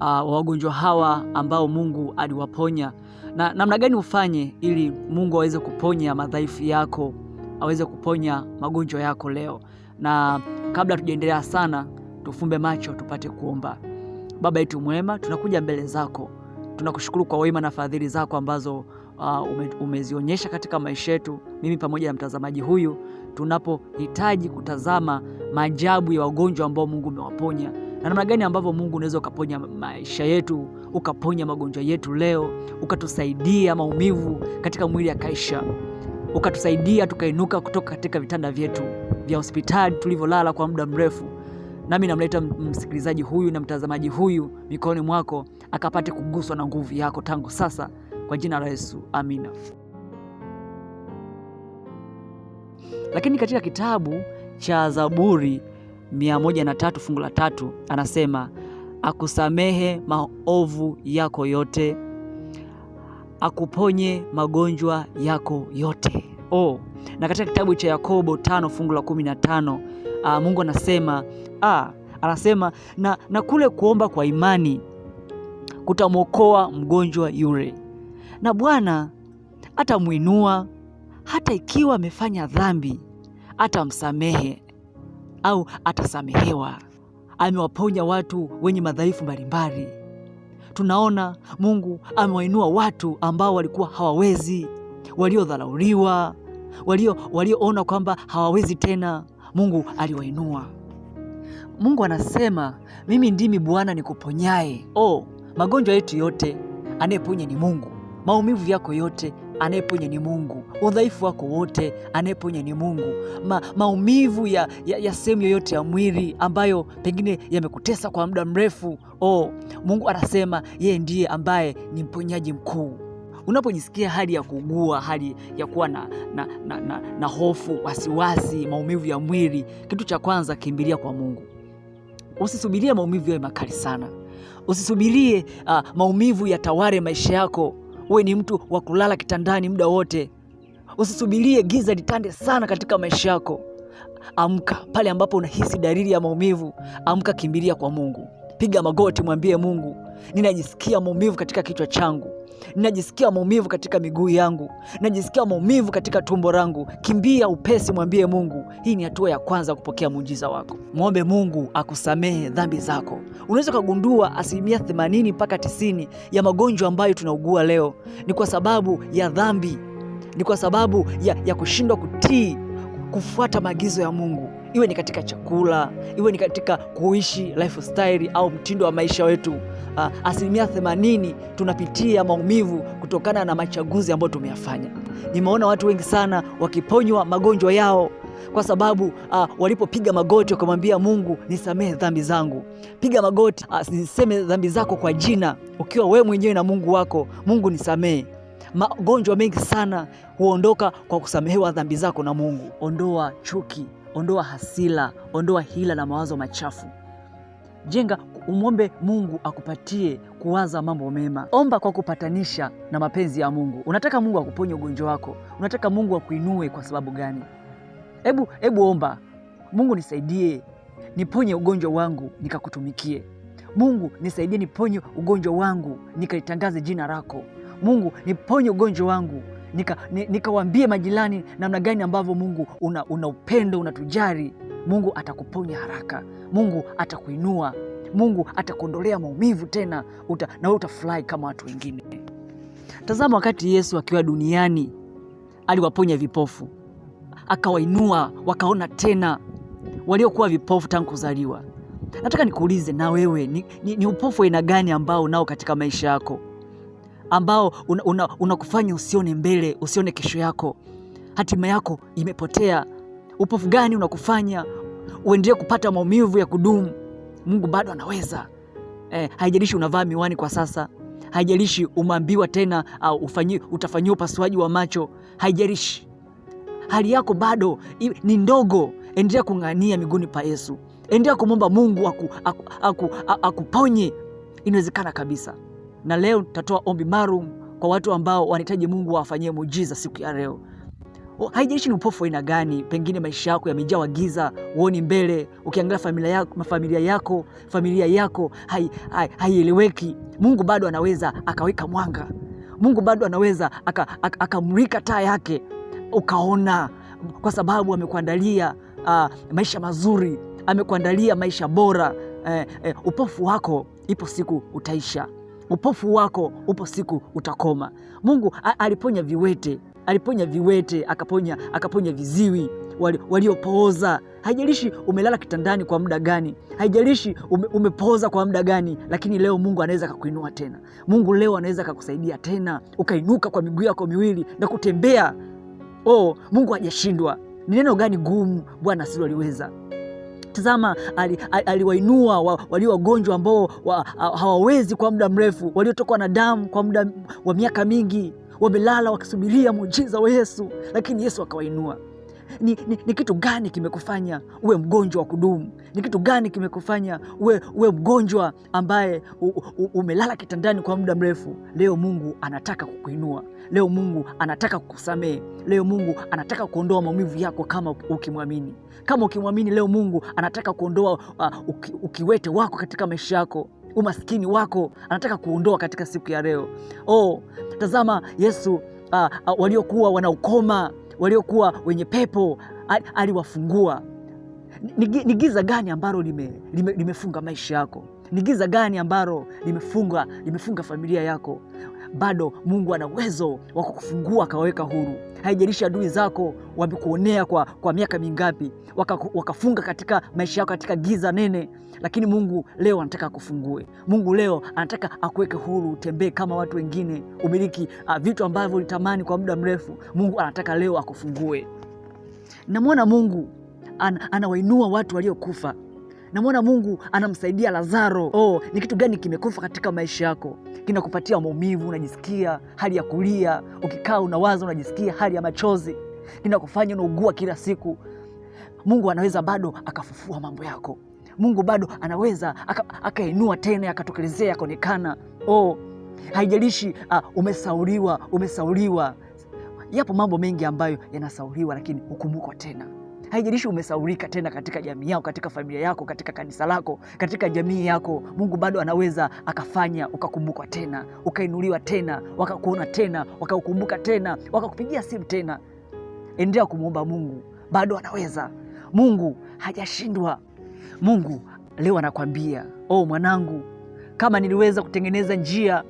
Uh, wa uh, wagonjwa hawa ambao Mungu aliwaponya, na namna gani ufanye ili Mungu aweze kuponya madhaifu yako, aweze kuponya magonjwa yako leo. Na kabla tujaendelea sana, tufumbe macho tupate kuomba. Baba yetu mwema, tunakuja mbele zako, tunakushukuru kwa wema na fadhili zako ambazo uh, umezionyesha katika maisha yetu, mimi pamoja na mtazamaji huyu, tunapohitaji kutazama maajabu ya wagonjwa ambao Mungu umewaponya na namna gani ambavyo Mungu unaweza ukaponya maisha yetu, ukaponya magonjwa yetu leo, ukatusaidia maumivu katika mwili kaisha ukatusaidia tukainuka kutoka katika vitanda vyetu vya hospitali tulivyolala kwa muda mrefu. Nami namleta msikilizaji huyu na mtazamaji huyu mikononi mwako, akapate kuguswa na nguvu yako tangu sasa, kwa jina la Yesu, amina. Lakini katika kitabu cha Zaburi 103 fungu la tatu anasema akusamehe maovu yako yote, akuponye magonjwa yako yote. Oh, na katika kitabu cha Yakobo tano fungu la kumi na tano uh, Mungu anasema uh, anasema na, na kule kuomba kwa imani kutamwokoa mgonjwa yule, na Bwana atamwinua hata ikiwa amefanya dhambi, atamsamehe au atasamehewa. Amewaponya watu wenye madhaifu mbalimbali. Tunaona Mungu amewainua watu ambao walikuwa hawawezi, waliodharauliwa, walio walioona kwamba hawawezi tena, Mungu aliwainua. Mungu anasema mimi ndimi Bwana nikuponyaye. Oh, magonjwa yetu yote anayeponya ni Mungu. Maumivu yako yote anayeponya ni Mungu, udhaifu wako wote anayeponya ni Mungu, ma, maumivu ya, ya, ya sehemu yoyote ya mwili ambayo pengine yamekutesa kwa muda mrefu. Oh, Mungu anasema yeye ndiye ambaye ni mponyaji mkuu. Unapojisikia hali ya kuugua, hali ya kuwa na, na, na, na, na hofu, wasiwasi, maumivu ya mwili, kitu cha kwanza kimbilia kwa Mungu. Usisubirie maumivu yawe makali sana, usisubirie uh, maumivu yatawale maisha yako uwe ni mtu wa kulala kitandani muda wote. Usisubirie giza litande sana katika maisha yako. Amka pale ambapo unahisi dalili ya maumivu, amka, kimbilia kwa Mungu, piga magoti, mwambie Mungu ninajisikia maumivu katika kichwa changu, ninajisikia maumivu katika miguu yangu, ninajisikia maumivu katika tumbo langu. Kimbia upesi, mwambie Mungu. Hii ni hatua ya kwanza kupokea muujiza wako. Mwombe Mungu akusamehe dhambi zako. Unaweza ukagundua asilimia 80 mpaka 90 ya magonjwa ambayo tunaugua leo ni kwa sababu ya dhambi, ni kwa sababu ya, ya kushindwa kutii kufuata maagizo ya Mungu iwe ni katika chakula, iwe ni katika kuishi lifestyle au mtindo wa maisha wetu. Uh, asilimia themanini tunapitia maumivu kutokana na machaguzi ambayo tumeyafanya. Nimeona watu wengi sana wakiponywa magonjwa yao kwa sababu uh, walipopiga magoti wakamwambia Mungu, nisamehe dhambi zangu. Piga magoti, uh, niseme dhambi zako kwa jina, ukiwa wewe mwenyewe na Mungu wako, Mungu nisamehe. Magonjwa mengi sana huondoka kwa kusamehewa dhambi zako na Mungu. Ondoa chuki, Ondoa hasila, ondoa hila na mawazo machafu. Jenga, umwombe Mungu akupatie kuwaza mambo mema. Omba kwa kupatanisha na mapenzi ya Mungu. Unataka Mungu akuponye ugonjwa wako? Unataka Mungu akuinue kwa sababu gani? Hebu hebu omba, Mungu nisaidie niponye ugonjwa wangu nikakutumikie. Mungu nisaidie niponye ugonjwa wangu nikalitangaze jina lako. Mungu niponye ugonjwa wangu nikawaambie nika majirani namna gani ambavyo Mungu una, una upendo unatujari. Mungu atakuponya haraka, Mungu atakuinua, Mungu atakuondolea maumivu tena uta, na wewe utafurahi kama watu wengine. Tazama, wakati Yesu akiwa duniani aliwaponya vipofu, akawainua wakaona tena waliokuwa vipofu tangu kuzaliwa. Nataka nikuulize na wewe ni, ni, ni upofu aina gani ambao nao katika maisha yako? ambao unakufanya una, una usione mbele, usione kesho yako. Hatima yako imepotea. Upofu gani unakufanya uendelee kupata maumivu ya kudumu? Mungu bado anaweza eh. Haijalishi unavaa miwani kwa sasa, haijalishi umeambiwa tena au ufanyi, utafanyiwa upasuaji wa macho, haijalishi hali yako bado ni ndogo. Endelea kung'ania miguuni pa Yesu, endelea kumwomba Mungu akuponye aku, aku, aku, aku inawezekana kabisa na leo tutatoa ombi maalum kwa watu ambao wanahitaji Mungu awafanyie muujiza siku ya leo. Haijalishi ni upofu aina gani, pengine maisha yako yamejaa giza, uoni mbele, ukiangalia familia yako, familia yako, familia yako haieleweki, hai, hai, Mungu bado anaweza akaweka mwanga. Mungu bado anaweza akamulika taa yake ukaona, kwa sababu amekuandalia uh, maisha mazuri, amekuandalia maisha bora. Uh, uh, upofu wako ipo siku utaisha upofu wako upo siku utakoma. Mungu aliponya viwete, aliponya viwete, akaponya, akaponya viziwi waliopooza wali. Haijalishi umelala kitandani kwa muda gani, haijalishi ume, umepooza kwa muda gani, lakini leo Mungu anaweza akakuinua tena. Mungu leo anaweza akakusaidia tena ukainuka kwa miguu yako miwili na kutembea. Oh, Mungu hajashindwa. Ni neno gani gumu Bwana asiloliweza? tazama, aliwainua ali ali walio wagonjwa ambao wa, hawawezi kwa muda mrefu, waliotokwa na damu kwa muda wa miaka mingi, wamelala wakisubiria muujiza wa Yesu, lakini Yesu akawainua ni, ni, ni kitu gani kimekufanya uwe mgonjwa wa kudumu? Ni kitu gani kimekufanya uwe, uwe mgonjwa ambaye u, u, umelala kitandani kwa muda mrefu? Leo Mungu anataka kukuinua. Leo Mungu anataka kukusamehe. Leo Mungu anataka kuondoa maumivu yako kama ukimwamini. Kama ukimwamini, leo Mungu anataka kuondoa uh, uki, ukiwete wako katika maisha yako umaskini wako anataka kuondoa katika siku ya leo. Oh, tazama Yesu, uh, uh, waliokuwa wanaukoma waliokuwa wenye pepo aliwafungua. Ni giza gani ambalo limefunga lime, lime maisha yako? Ni giza gani ambalo limefunga limefunga familia yako? bado Mungu ana uwezo wa kukufungua akaweka huru. Haijalishi adui zako wamekuonea kwa, kwa miaka mingapi, wakafunga waka katika maisha yako katika giza nene, lakini Mungu leo anataka akufungue. Mungu leo anataka akuweke huru, utembee kama watu wengine, umiliki uh, vitu ambavyo ulitamani kwa muda mrefu. Mungu anataka leo akufungue. Namwona Mungu an, anawainua watu waliokufa Namwona Mungu anamsaidia Lazaro. Oh, ni kitu gani kimekufa katika maisha yako kinakupatia maumivu, unajisikia hali ya kulia, ukikaa unawaza, unajisikia hali ya machozi, kinakufanya unaugua kila siku. Mungu anaweza bado akafufua mambo yako. Mungu bado anaweza akainua aka tena akatokelezea akaonekana. Oh, haijalishi uh, umesauliwa, umesauliwa. Yapo mambo mengi ambayo yanasauliwa, lakini hukumbukwa tena haijalishi umesaurika tena katika jamii yako, katika familia yako, katika kanisa lako, katika jamii yako, Mungu bado anaweza akafanya ukakumbukwa tena, ukainuliwa tena, wakakuona tena, wakakukumbuka tena, wakakupigia simu tena. Endelea kumwomba Mungu, bado anaweza. Mungu hajashindwa. Mungu leo anakwambia oh, mwanangu, kama niliweza kutengeneza njia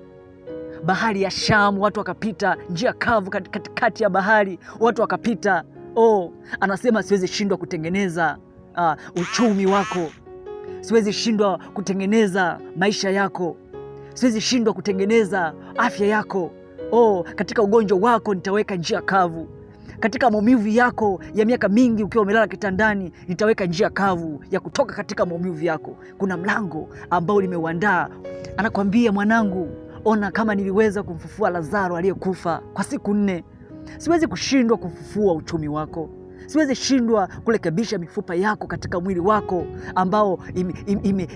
bahari ya Shamu, watu wakapita, njia kavu katikati ya bahari, watu wakapita CEO oh, anasema siwezi shindwa kutengeneza uh, uchumi wako, siwezi shindwa kutengeneza maisha yako, siwezi shindwa kutengeneza afya yako. Oh, katika ugonjwa wako nitaweka njia kavu katika maumivu yako ya miaka mingi ukiwa umelala kitandani, nitaweka njia kavu ya kutoka katika maumivu yako. Kuna mlango ambao nimeuandaa. Anakwambia, mwanangu, ona kama niliweza kumfufua Lazaro aliyekufa kwa siku nne. Siwezi kushindwa kufufua uchumi wako, siwezi shindwa kurekebisha mifupa yako katika mwili wako ambao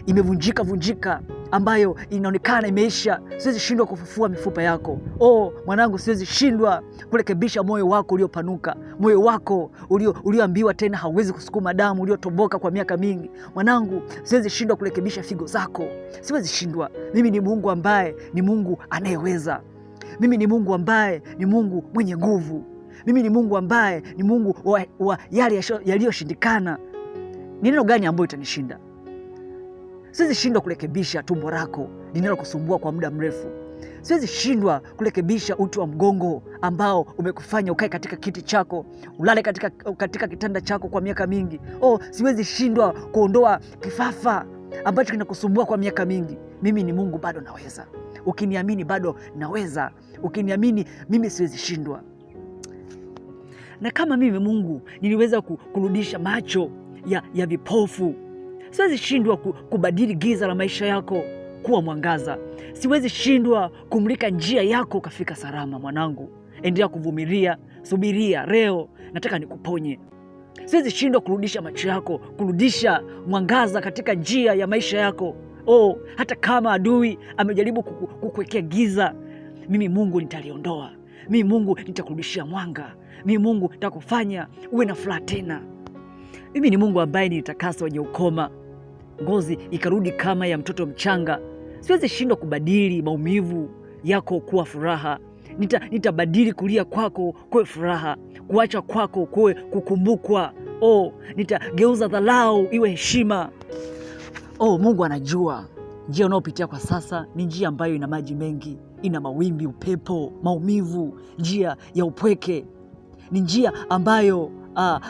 imevunjika vunjika ambayo inaonekana imeisha. Siwezi shindwa kufufua mifupa yako. Oh mwanangu, siwezi shindwa kurekebisha moyo wako uliopanuka, moyo wako ulioambiwa ulio tena hauwezi kusukuma damu, uliotoboka kwa miaka mingi. Mwanangu, siwezi shindwa kurekebisha figo zako, siwezi shindwa. Mimi ni Mungu ambaye ni Mungu anayeweza. Mimi ni Mungu ambaye ni Mungu mwenye nguvu. Mimi ni Mungu ambaye ni Mungu wa, wa yale yaliyoshindikana. Ni neno gani ambayo itanishinda? Siwezi shindwa kurekebisha tumbo lako linalokusumbua kwa muda mrefu. Siwezi shindwa kurekebisha uti wa mgongo ambao umekufanya ukae katika kiti chako, ulale katika, katika kitanda chako kwa miaka mingi. Oh, siwezi shindwa kuondoa kifafa ambacho kinakusumbua kwa miaka mingi. Mimi ni Mungu, bado naweza. Ukiniamini bado naweza, ukiniamini mimi siwezi shindwa. Na kama mimi Mungu niliweza kurudisha macho ya, ya vipofu, siwezi shindwa kubadili giza la maisha yako kuwa mwangaza. Siwezi shindwa kumlika njia yako ukafika salama. Mwanangu, endelea kuvumilia, subiria. Leo nataka nikuponye. Siwezi shindwa kurudisha macho yako, kurudisha mwangaza katika njia ya maisha yako. Oh, hata kama adui amejaribu kukuwekea giza, mimi Mungu nitaliondoa. Mimi Mungu nitakurudishia mwanga. Mimi Mungu nitakufanya uwe na furaha tena. Mimi ni Mungu ambaye nilitakasa wenye ukoma, ngozi ikarudi kama ya mtoto mchanga. Siwezi shindwa kubadili maumivu yako kuwa furaha. Nita, nitabadili kulia kwako kuwe furaha, kuacha kwako kuwe kukumbukwa. Oh, nitageuza dharau iwe heshima. Oh, Mungu anajua njia unayopitia kwa sasa ni njia ambayo ina maji mengi, ina mawimbi, upepo, maumivu, njia ya upweke, ni njia ambayo Uh, ah,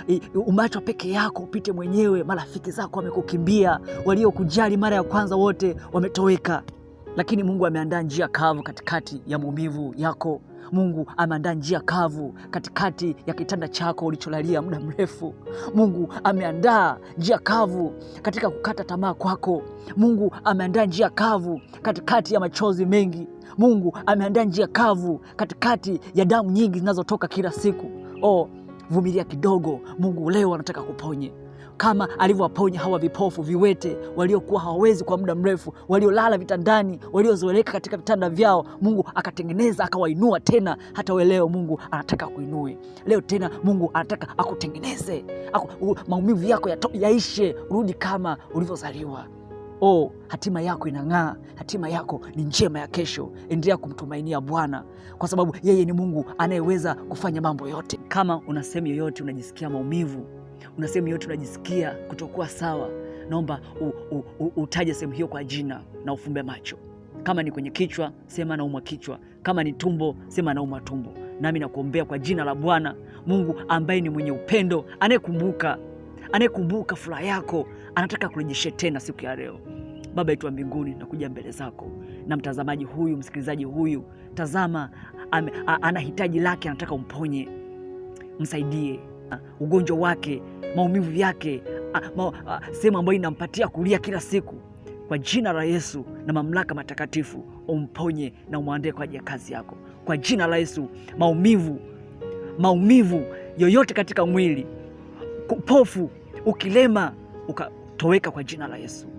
umeachwa peke yako upite mwenyewe. Marafiki zako wamekukimbia, waliokujali mara ya kwanza wote wametoweka, lakini Mungu ameandaa njia kavu katikati ya maumivu yako. Mungu ameandaa njia kavu katikati ya kitanda chako ulicholalia muda mrefu. Mungu ameandaa njia kavu katika kukata tamaa kwako. Mungu ameandaa njia kavu katikati ya machozi mengi. Mungu ameandaa njia kavu katikati ya damu nyingi zinazotoka kila siku. Oh, vumilia kidogo. Mungu leo anataka kuponye kama alivyowaponya hawa vipofu, viwete, waliokuwa hawawezi kwa muda mrefu, waliolala vitandani, waliozoeleka katika vitanda vyao. Mungu akatengeneza akawainua tena. Hata wewe leo Mungu anataka akuinue leo tena, Mungu anataka akutengeneze aku, maumivu yako yato, yaishe, urudi kama ulivyozaliwa. Oh, hatima yako inang'aa, hatima yako ni njema ya kesho. Endelea kumtumainia Bwana kwa sababu yeye ni Mungu anayeweza kufanya mambo yote. Kama una sehemu yoyote unajisikia maumivu una sehemu yote unajisikia kutokuwa sawa, naomba utaje sehemu hiyo kwa jina na ufumbe macho. Kama ni kwenye kichwa, sema naumwa kichwa. Kama ni tumbo, sema naumwa tumbo. Nami nakuombea kwa jina la Bwana Mungu ambaye ni mwenye upendo, anayekumbuka anayekumbuka furaha yako, anataka kurejeshe tena siku ya leo. Baba yetu wa mbinguni, nakuja mbele zako na mtazamaji huyu, msikilizaji huyu, tazama ana hitaji lake, anataka umponye, msaidie ugonjwa wake, maumivu yake, ma, sehemu ambayo inampatia kulia kila siku. Kwa jina la Yesu na mamlaka matakatifu, umponye na umwandae kwa ajili ya kazi yako. Kwa jina la Yesu, maumivu maumivu yoyote katika mwili, upofu, ukilema ukatoweka kwa jina la Yesu.